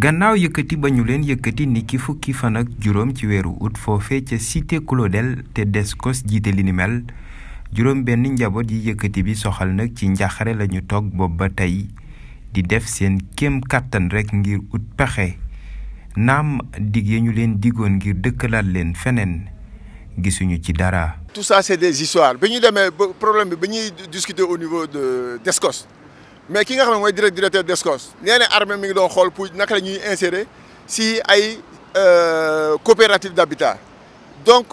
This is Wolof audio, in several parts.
gannaaw yëkkati ba ñu leen yëkkati ni ki fukki fan ak juróom ci weeru ut foofe ca cité Claudel te Descos jiite li ni mel juróom benn njaboot yi yëkkati bi soxal nag ci njaxare lañu toog bopp ba tey di def seen kem kàttan rekk ngir ut pexe naam dig ya ñu leen digoon ngir dëkkalaat leen feneen gisuñu ci dara. tout ça c'est des histoires bi ñu demee ba problème bi ñuy discuter au niveau de Descos. mais qui nga xam directeur d'Escos nee na armée mi ngi qui pour naka ñuy insérer si ay euh, coopérative d'habitat donc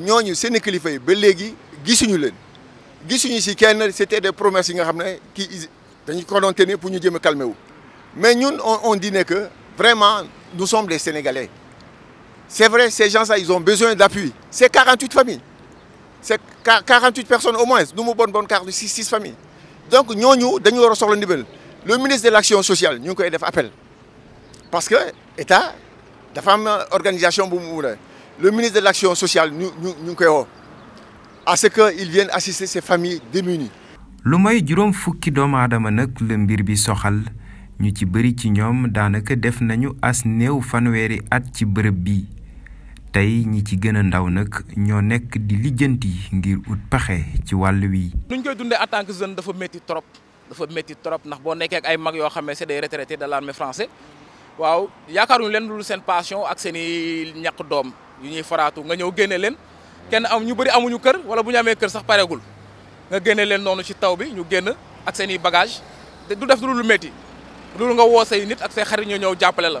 nous, ñooñu Sénégalais, kilifa nous avons léegi gisuñu leen gisuñu si c'était des promesses nga xam pour nous calmer mais nous, on dit que vraiment nous sommes des Sénégalais c'est vrai ces gens-là ils ont besoin d'appui c'est 48 familles c'est 48 personnes au moins Nous, mu bonne carte 46 6 familles donc ñooñu dañu war a soxla ndimbal le ministre de l'action sociale ñu ngi koy def appel parce que état dafa am organisation bu mu le ministre de l'action sociale ñu ñu ñu koy woo à ce que il vienne assister ces familles démunies. lu may juróom fukki doom aadama nak le mbir bi soxal ñu ci bëri ci ñom daanaka def nañu as néew fanweeri at ci bërepp bi tey ñi ci gën ndaw nag ñoo nekk di lijjanti ngir ut pexe ci wàll wi. nuñ koy dundee en tant que jeune dafa métti trop dafa métti trop ndax boo nekkee ak ay mag yoo xam ne c'est des retraités de l'armée française waaw yaakaaruñu leen lu seen passion ak seeni i doom yu ñuy faraatu nga ñëw génne leen kenn am ñu bëri amuñu kër wala bu ñu amee kër sax pareegul nga génne leen noonu ci taw bi ñu génn ak seen i bagage du def lu lu métti loolu nga woo say nit ak say xarit ñu ñëw jàppale la.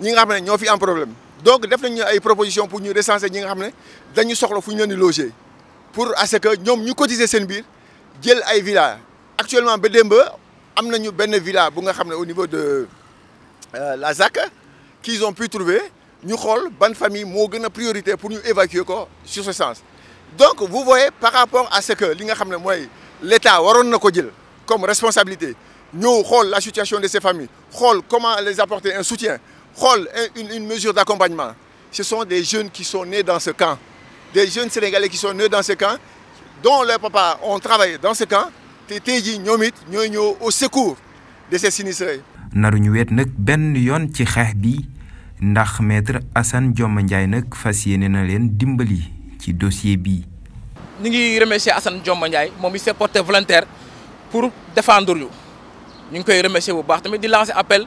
Nous avons un problème donc def nañu une proposition pour nous recenser ñi nga loger pour que nous ñu cotiser seen villas. villa actuellement ba avons une une villa au niveau de euh, la ZAC qu'ils ont pu trouver avons une bonne famille qui avons une priorité pour nous évacuer sur ce sens donc vous voyez par rapport à ce que li l'État a comme responsabilité Nous avons la situation de ces familles comment les apporter un soutien une, une mesure d'accompagnement. Ce sont des jeunes qui sont nés dans ce camp. Des jeunes Sénégalais qui sont nés dans ce camp, dont leurs papas ont travaillé dans ce camp, te tey jii au secours de ces sinistrés. naru ñu weet nag benn yoon ci xeex bi ndax maître Hassan Dioma Ndiaye nak fas na len dimbali ci dossier bi. ñu ngi remercier Hassan Dioma Ndiaye momi c'est s'est volontaire pour défendre ñu ñu ngi koy remercier bu baax tamit di lancer appel.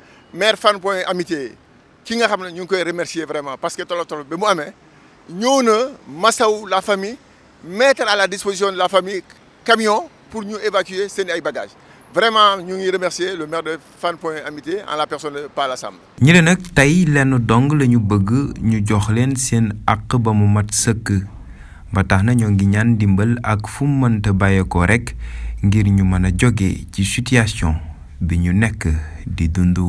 maire Fanpoint Point Amitié ki nga xamné ñu koy remercier vraiment parce que tolo tolo bi mu amee ñëw na masaw la famille mettre à la disposition de la famille camion pour ñu évacuer seen ay bagages vraiment ñu ngi remercier le maire de Fanpoint Point Amitié en la personne de Pa Lassam. ñu ne nag tey lenn dong lañu bëgg ñu jox leen seen ak ba mu mat sëkk ba tax na ñoo ngi ñaan dimbal ak fu mënta rek ngir ñu mëna joggé ci situation. bi ñu nekk di dund.